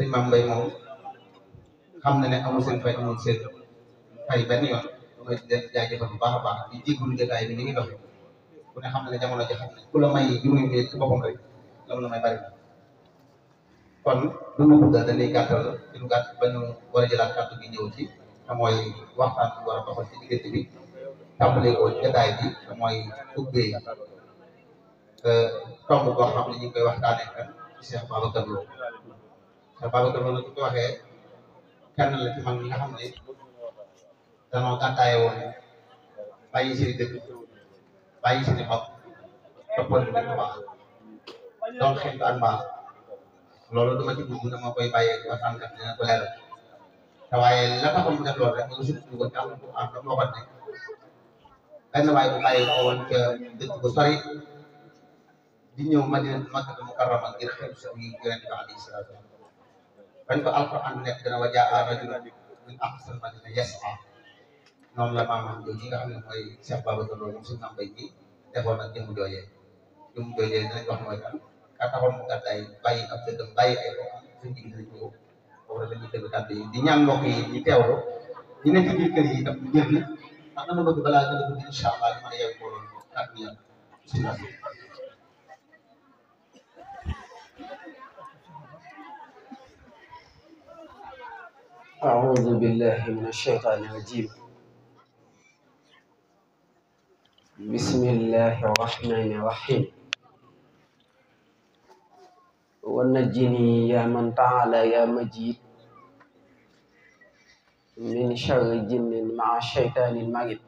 sëñ Mame Mbaye moom xam na ne amul seen fay amul seen fay benn yoon mooy leen bu baax a baax di jéggalu jotaay bi ni ngi doxee ku ne xam na ne jamono ji xam ne ku la may juróomi minute ci boppam rek la may bari kon lu mu bëgg dañuy gàttal ci lu gàtt ba ñu war a jëlaat kàddu gi ñëw ci te mooy waxtaan bi war a doxal ci diggante bi tàmbalee ko jotaay bi te mooy euh, xam ne ñu ngi koy waxtaanee kan Cheikh Babacar Lo Babacar ma ne ko waxee kenn la ci mag ñi nga xam ne danoo gàttaaye woon bàyyi seen dëkk bàyyi seen bopp toppoon nañ ko baax donc xeetu ak baax loolu dama ci dugg dama koy bàyyee ba xam kat dina ko leeral te waaye la taxoon mu def loolu rek nga sukkandiku di bañ kan ko alquran nekk dana wajaa rajul min ahsan madina yas'a ah la maamam jooju nga xam ne Cheikh Babacar loolu moom suñu mbay mi defoon nag jëmu joojee jëmu joojee dinañ wax mooy kan ka taxoon mu baik bàyyi ab dëggam bàyyi ay ko suñ jigi nañ ko foofu la ñuy di ñaan mbokk yi di teewlu ñu nekk ci kër yi ni bëgg allah ko أعوذ بالله من الشيطان الرجيم بسم الله الرحمن الرحيم ونجني يا من تعالى يا مجيد من شر الجن مع الشيطان المريض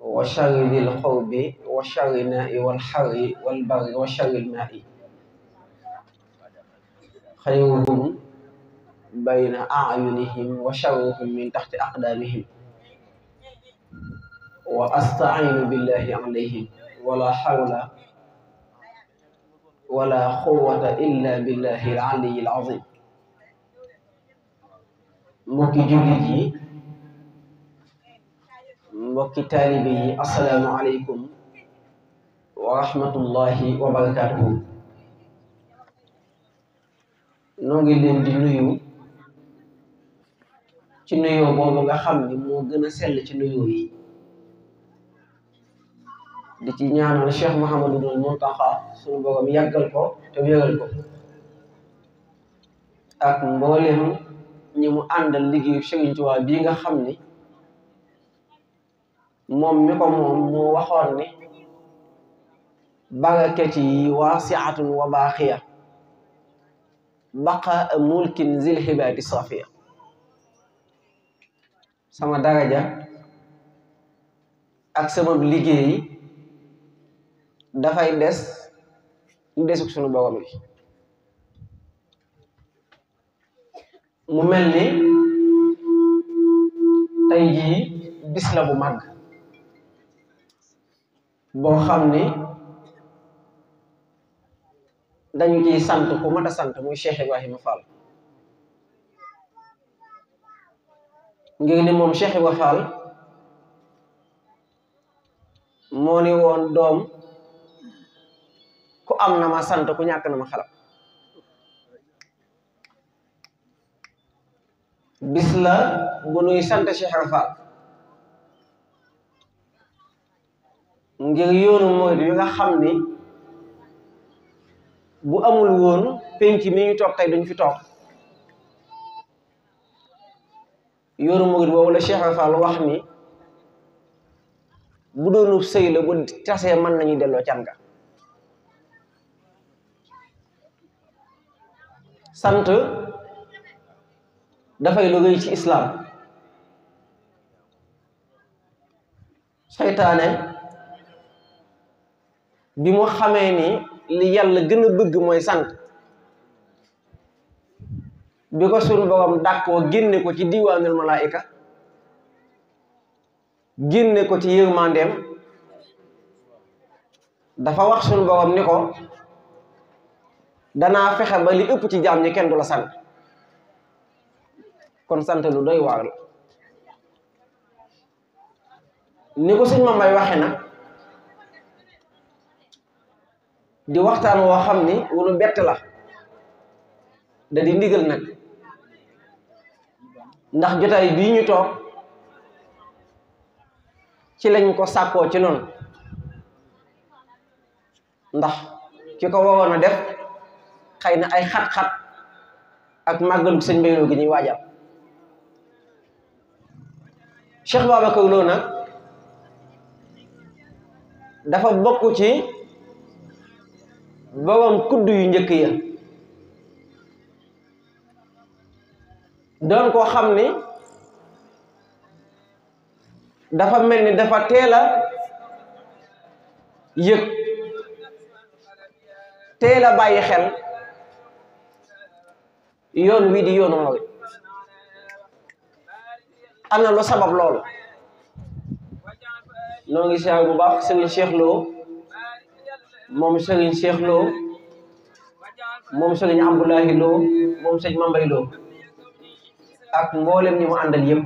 وشر ذي القرب وشر الماء والحر والبر وشر الماء خيرهم بين أعينهم وشرهم من تحت أقدامهم وأستعين بالله عليهم ولا حول ولا قوة إلا بالله العلي العظيم موكي جوليجي موكي تالبي السلام عليكم ورحمة الله وبركاته نوغي لين دي نيو ci nuyoo boobu nga xam ni moo gën a sell ci nuyoo yi di ci ñaanal Cheikh Mouhamadul Mountakha suñu boogam yàggal ko te wéral ko ak mboolem ñi mu àndal liggéeyu Sëriñ Tuubaa bii nga xam ni moom mi ko moom waxoon ni barakati yi waasiatun wa baaxiya baqa mulkin zil hibaati safiya sama daraja ak sama liggéey dafay des lu desug sunu borom bi mu mel ni tey jii bis la bu màgg boo xam ni dañu ciy sant ku mat a sant muy Cheikh Ibrahima Fall ngir moom Cheikh Ibra Fall moo ni woon doom ku am na ma sant ku ñàkk na ma xalab bis la bu nuy sant Cheikh Ibra Fall ngir yoonu mooy bi nga xam ni bu amul woon penc mi ñu toog tey ñu fi toog yoonu murid boobu la Cheikh Fall wax ni bu doonu sëy la bu tasee mën nañuy delloo canga sant dafay liggéey ci islaam seytaane bi mu xamee ni li yàlla gën a bëgg mooy sant bi ko sunu borom dàkkoo génne ko ci diwaanul malaayika génne ko ci yërmandeem dafa wax sunu borom ni ko danaa fexe ba li ëpp ci jaam ñi kenn du la sant kon sant lu doy waar la ni ko suñ ma may waxe na di waxtaan woo xam ni wulu bett la da di ndigal nag ndax jotaay bii ñu toog ci lañ ko sàkkoo ci noonu ndax ki ko waroon a def xëy na ay xat-xat ak màggalu sëñ Mbaye gi ñuy waajal Cheikh Babacar Lo nag dafa bokk ci borom kudd yu njëkk ya doon koo xam ni dafa mel ni dafa teel a yëg teel a bàyyi xel yoon wii di yoonu am na lu sabab lool noo ngi siyaar bu baax Serigne Cheikh Lo moom Serigne Cheikh Lo moom Serigne Abdoulahi Lo moom Serigne Mambay Lo ak mboolem ñi mu àndal yëpp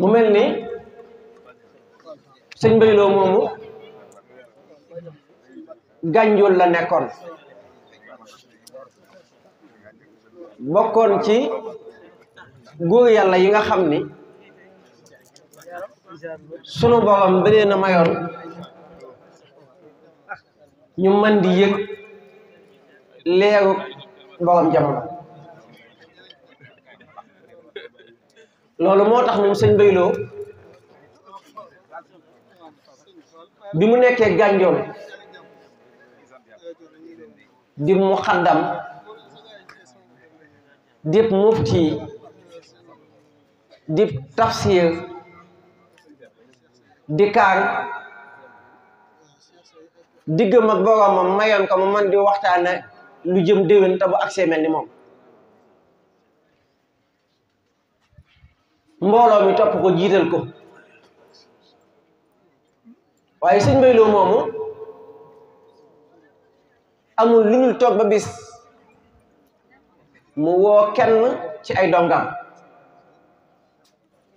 mu mel ni sëñ moomu gànjul la nekkoon bokkoon ci góor yàlla yi nga xam ni sunu borom bi leen a mayoon ñu mën di yëg leeru borom jamano loolu moo tax ñun sëñ Bayloo bi mu nekkee gànjoon di mu xaddam di mufti di tafsir di kaar diggam boroomam mayoon ko mu man di waxtaane lu jëm déwén te bu agsee mel ni moom mbooloo mi topp ko jiital ko waaye sëñ Mbaye Lo moomu amul lu ñu toog ba bis mu woo kenn ci ay dongam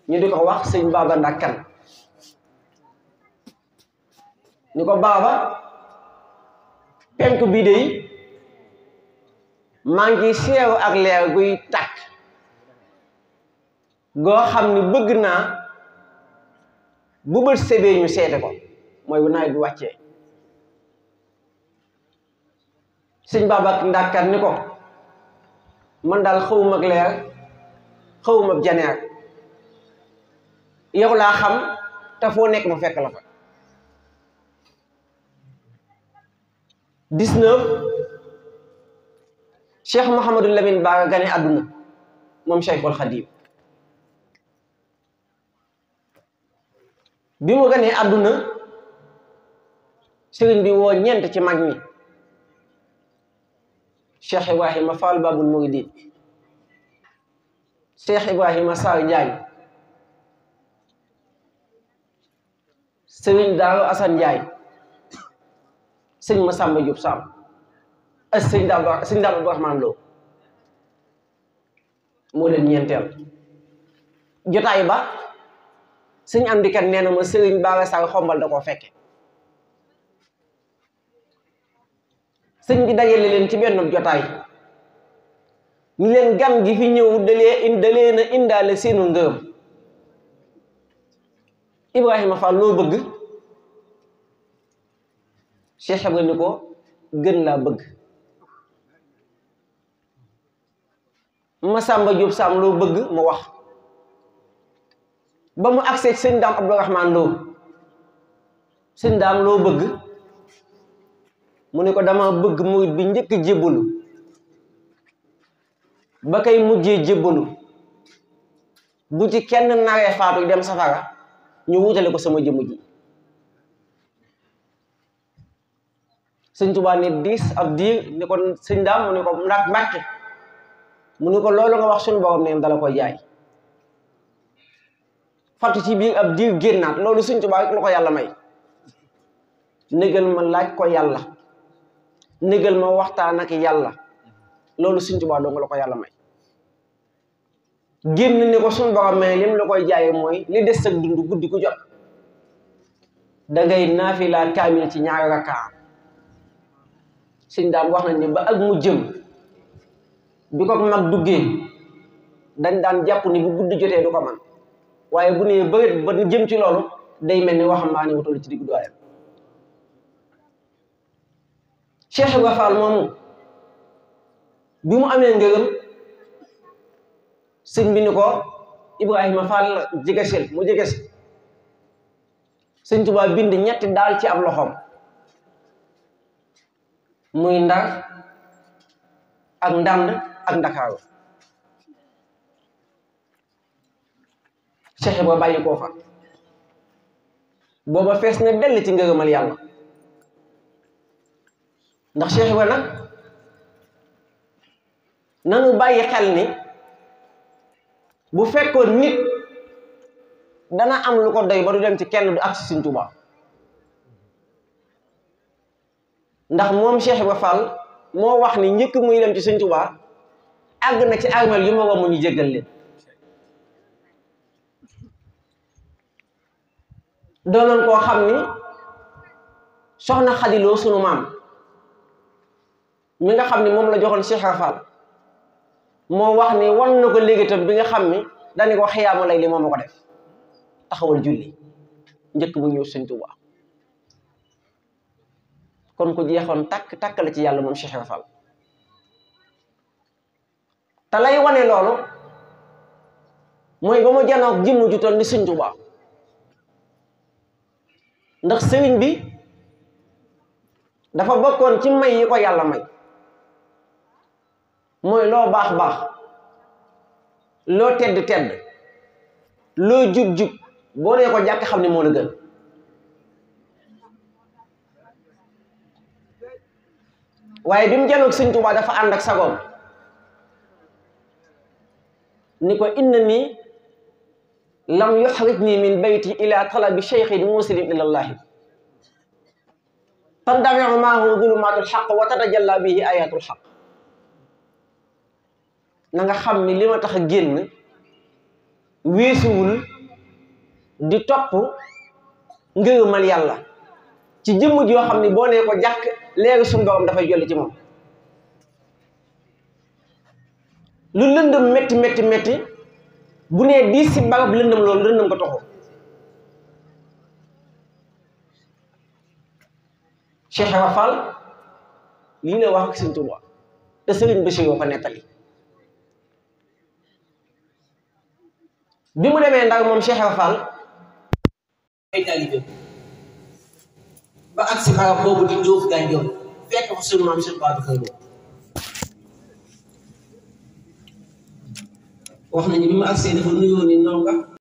ñu di ko wax sëñ Baba Ndakkan ni ko baaba penk bii dey maa ngi seew ak leer guy tàkk goo xam ni bëgg naa bu bët sebee ñu seete ko mooy bu nawet bi wàccee sëñ baaba ndàkkat ni ko man daal xawma ak leer xawma ak janeer yow laa xam te foo nekk ma fekk la fa dix-neuf cheikh Mouhamadou Lamine Ba gane àdduna moom Cheikhul Khadim bi mu ganee àdduna sëriñ bi woo ñeent ci mag ñi cheikh Ibrahima Fall Babul Mouridine cheikh Ibrahima Sarr Ndiaye sëriñ daal Assane Ndiaye sëñ Massamba Diop Samb ak sëñ Dame sëñ Dame Abdourahmane Lo moo leen ñeenteel jotaay ba sëñ am dikat nee na ma sëriñ Bara Sarr xombal da koo fekke sëñ bi dajale leen ci benn jotaay ñu leen gan gi fi ñëw dalee dalee na indaale seenu ngërëm Ibrahima Fall loo bëgg Cheikh Ibra ni ko gën laa bëgg sàmba Diop Sam loo bëgg mu wax ba mu agsee sëñ daam Abdourahman loo sëñ daam loo bëgg mu ne ko dama bëgg murit bi njëkk jébbalu ba kay mujjee jébbalu bu ci kenn naree faatu dem safara ñu wutale ko sama jëmm ji sëñ Tuubaa ne diis ab diir ni ko sëñ daam mu ne ko ndax Mbàkke mu ne ko loolu nga wax suñ borom ne dala koy jaay fàttu ci biir ab diir génnaat loolu sëñ Tuubaa rek yàlla may négal ma laaj ko yàlla négal ma waxtaan ak yàlla loolu sëñ Tuubaa dong ko yàlla may génn ni ko suñu borom mais lim la koy jaayee mooy li des ak dund guddi ku jot da ngay naafila kaamil ci ñaari rakkaa sëñ daan wax nañ ni ba ak mu jëm bi ko mag duggee dañ daan jàpp ni bu guddi jotee du ko man waaye bu nee bëgg ba jëm ci loolu day mel ni waxambaane wu toll ci diggu doyam Cheikh bi mu amee ngërëm sëñ ko Ibrahima Fall la jegesil mu jegesil sëñ Tuubaa bind ñetti daal ci am loxoom muy ndar ak ndànd ak ndakaaru Cheikh ba bàyyi koo fa booba fees na dell ci ngërëmal yàlla ndax Cheikh ba nag nanu bàyyi xel ni bu fekkoon nit dana am lu ko doy ba du dem ci kenn du ak si Sëriñ Tuubaa ndax moom Cheikh Ibra Fall moo wax ni njëkk muy dem ci Sëñ Tuubaa àgg na ci armeel yu ma war mu ñu jéggal leen doonoon koo xam ni soxna xadiloo sunu maam mi nga xam ni moom la joxoon Cheikh Ibra moo wax ni wan na ko léegi tam bi nga xam ni dañu ko xiyaamu lay li moom ma ko def taxawal julli njëkk bu ñëw Sëñ Tuubaa kon ko jeexoon tàkk tàkk la ci yàlla moom Cheikh Ibra te lay wane loolu mooy ba mu janoog jëmm ju toll ni Sëñ ndax sëriñ bi dafa bokkoon ci may yi ko yàlla may mooy loo baax baax loo tedd tedd loo jub jub boo nee ko jàkk xam ne moo la gën waaye bi mu janoog sëñ Tuubaa dafa ànd ak sagoom ni ko inna nii lam yuxrij nii min bayti ila talabi cheikhin muslim ila llahi tandafiu maahu zulumatul xaq wa tatajalla bihi ayatul xaq na nga xam ni li ma tax a génn weesuwul di topp ngërëmal yàlla ci jëmm joo xam ne boo nee ko jàkk léegi suñu dafay jolli ci moom lu lëndëm métti métti métti bu nee diis si barab lëndëm loolu lëndëm ko toxu Cheikh Ibra Fall li wax ak Sëriñ Tuuba te Sëriñ Bachir nettali bi mu demee ndax moom Cheikh Ibra Fall ay taalibe ba ak si barab boobu di Ndiouf Gaye Ndiouf fekk fa suñu maam Cheikh Babacar Lo wax nañu bi mu agsee dafa nuyoo ni ndonga